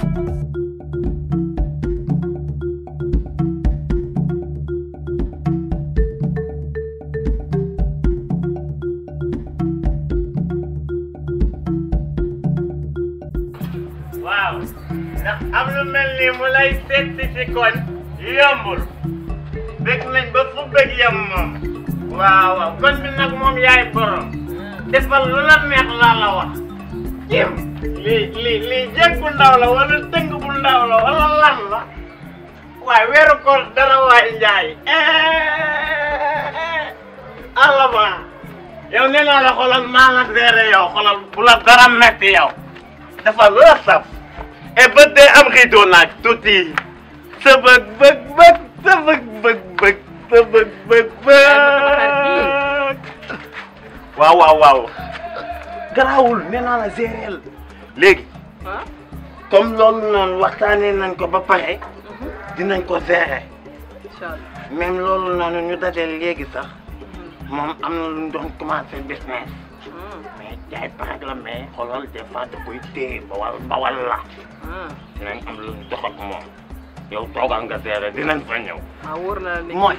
waaw ndax am lu mel nii mu lay seet ci koñ yombul bëgg nañ ba fu bëgg yem moom waaw waaw koñ bi nag moom yaay borom defal lu la neex laa la wax jiw lii lii lii jéeg bu lan la waaye weeru dara waay njaay eh, alla ba yow nee naa la xoolal yow xoolal bu dara metti yow dafa la saf e bët dee am xiitoo naaj tuuti sa bëgg bëgg bëgg garaawul nee naa la géréel léegi ah. comme loolu noonu waxtaanee nañ ko ba pare mhm. dinañ ko gérer même loolu noonu ñu dajale léegi sax mhm. moom am na lu ñu doon commencé business mhm. mais jaay paak la mais xoolal des fois da koy téye ba wal ba wal la dinañ am dox ak moom yow toogal nga gérer dinañ fa ñëw. Ah, mooy.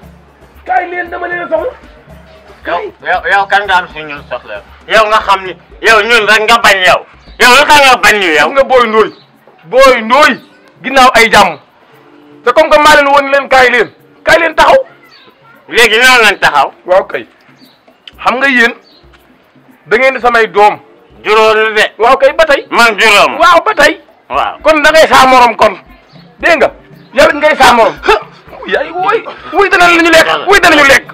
kaay leen dama leen soxla. kaay yow yow kan nga am si ñun soxla yow nga xam ni yow ñun rek nga bañ yow yow lu tax nga bañ ñu yow. nga booy ndóoy booy ndóoy ginnaaw ay jàmm te comme que maa leen woon leen kaay leen kaay leen taxaw. léegi ñoo leen taxaw. waaw kay xam nga yéen da ngeen di samay doom. juróomi de. waaw kay ba tey. man juróom. waaw ba tey. waaw kon da ngay saa morom kon dégg nga yow it ngay saa morom. yaay wooy wuy danañu lekk wuy danañu lekk lek.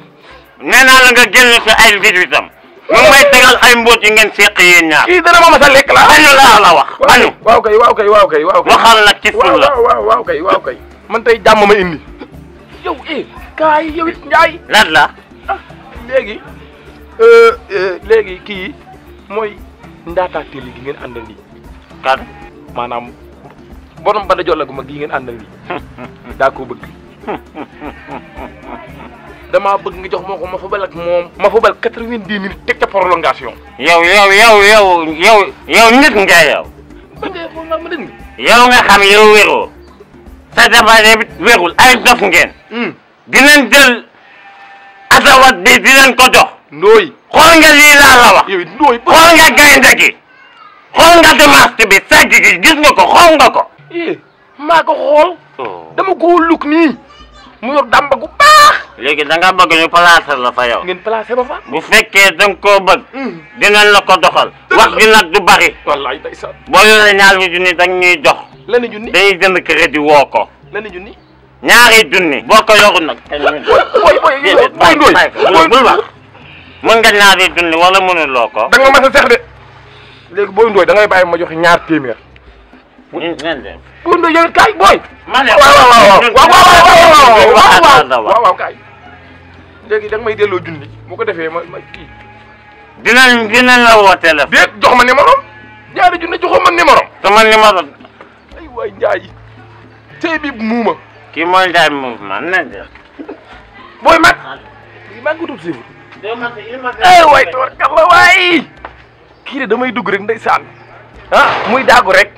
naa la nga génn sa ay vidéo itam mu may tegal ay mbóot yi ngeen seq yéen ñaar kii dana ma masa lekk la añu laa la wax añu waaw kay waaw kay waaw kay waaw kay waxal nag ci sun la waaw waaw kay waaw kay man tey jàmm ma indi yow eh kaay yow it njaay lan la léegi léegi kii mooy ndaataa téli gi ngeen àndal nii kan maanaam borom ba da gi ngeen àndal nii daa ko bëgg damaa bëgg nga jox moo ko ma fubal ak moom. ma fubal quatre-vingt-dix minutes teg ca prolongation. yow yow yow yow nit nga yow. yow nga xam yow wéroo. sa dabaare bi wérul ay dof ngeen. Hmm. dinañ jël asawat bi dinañ ko jox. ndooy xool nga lii laa la wax. xool nga gaynde gi. xool nga démarche bi sàcc gi gis nga xool nga eh, maa ko xool. Oh. dama ko luk nii. mu yor dàmba gu baax. léegi da nga bëgg ñu placer la fa yow. ngeen placer ba fa. bu fekkee da nga koo bëgg. Hmm. dinañ la ko doxal. wax bi nag du bari. wallaay ndeysaan. boo yoree ñaari junni da ñuy jox. lenn junni dañuy jënd crédit woo ko. lenn junni. ñaari junni. boo ko yorul nag. booy booy yéen booy booy booy nga ñaari junni wala mënuloo ko. da nga mën a seex de léegi booy ndooy da bàyyi ma jox ñaar téeméer. bu ñu nen de. Koundou yow kaay booy. ma ne waaw waaw waaw waaw waaw kaay. léegi da nga may delloo junni bu ko defee ma ma kii. dinañ dinañ la woo téléphone. déet jox ma numéro am ñaari junni joxoo ma numéro am. sama numéro. ay waay Ndiaye. tey bi muuma. kii mooy Ndiaye mouvement nen de. booy mag. lii maa ngi ko dugg si. ay waay tabarkalla waay. kii de damay dugg rek ndeysaan ah muy daagu rek.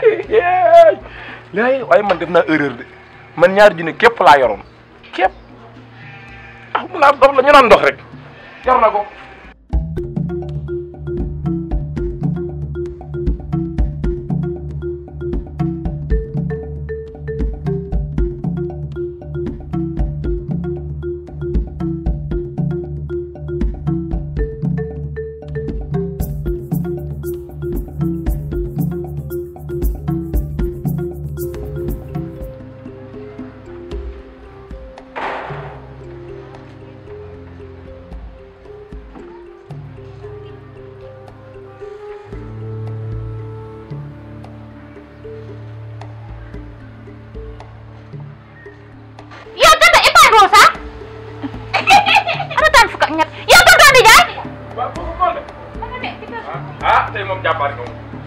léegi waaye man def naa erreur de man ñaari junne képp laa yoroon képp ah mu naa dox la ñu naan dox rek jar na ko.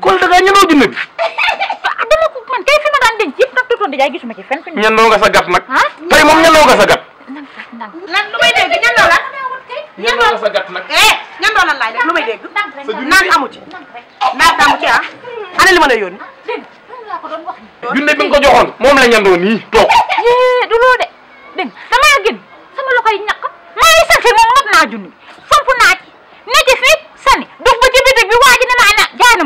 kol da nga ñënoo junne bi dama ko man kay fi ma daan denc yëpp nag tutoon dajaay gisuma ci fenn ñënoo nga sa gat nag tey moom ñënoo nga sa gat lan lu may dégg ñënoo la nga sa gat eh ñënoo lan laay def lu may dégg naan amu ci naan amu ci ah ana li ma la yónni bi nga ko joxoon moom la ñëndoo nii toog du loo sama loxo yi ñàkk maa ngi mat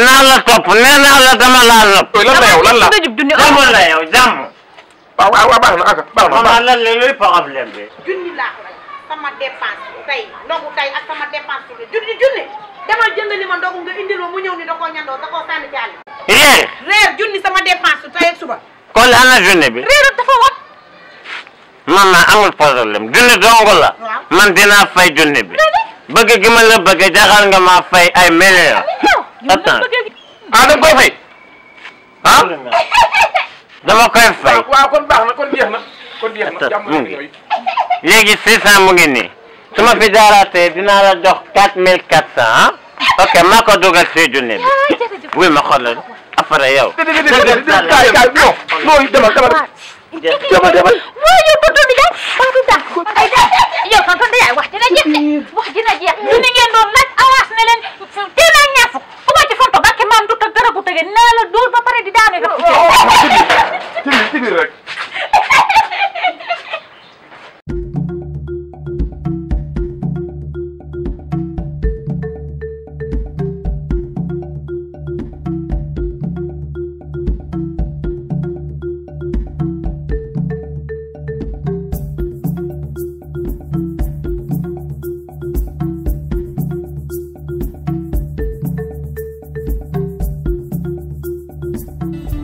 dinaa la topp nee naa la dama laa topp. na ak la luy problème bi. junni laa ko sama junni junni ma ndogu junni sama dépense junni bi. réer dafa wat. man junni dong la. man dinaa fay junni bi. bëgg gi ma la bëgg jaxal nga maa fay ay millions. attends ah da nga koy fay ah dama koy fay. waaw kon baax na kon jeex na kon jeex na jàmm mu hmm. ngi léegi six cent mu ngi nii su ma fi jaaraatee dinaa la jox quatre mille quatre cent ah ok maa ko dugal si junne bi oui ah, ma xoolal après yow. déedéet déedéet kaay kaay non non demal demal. demal demal.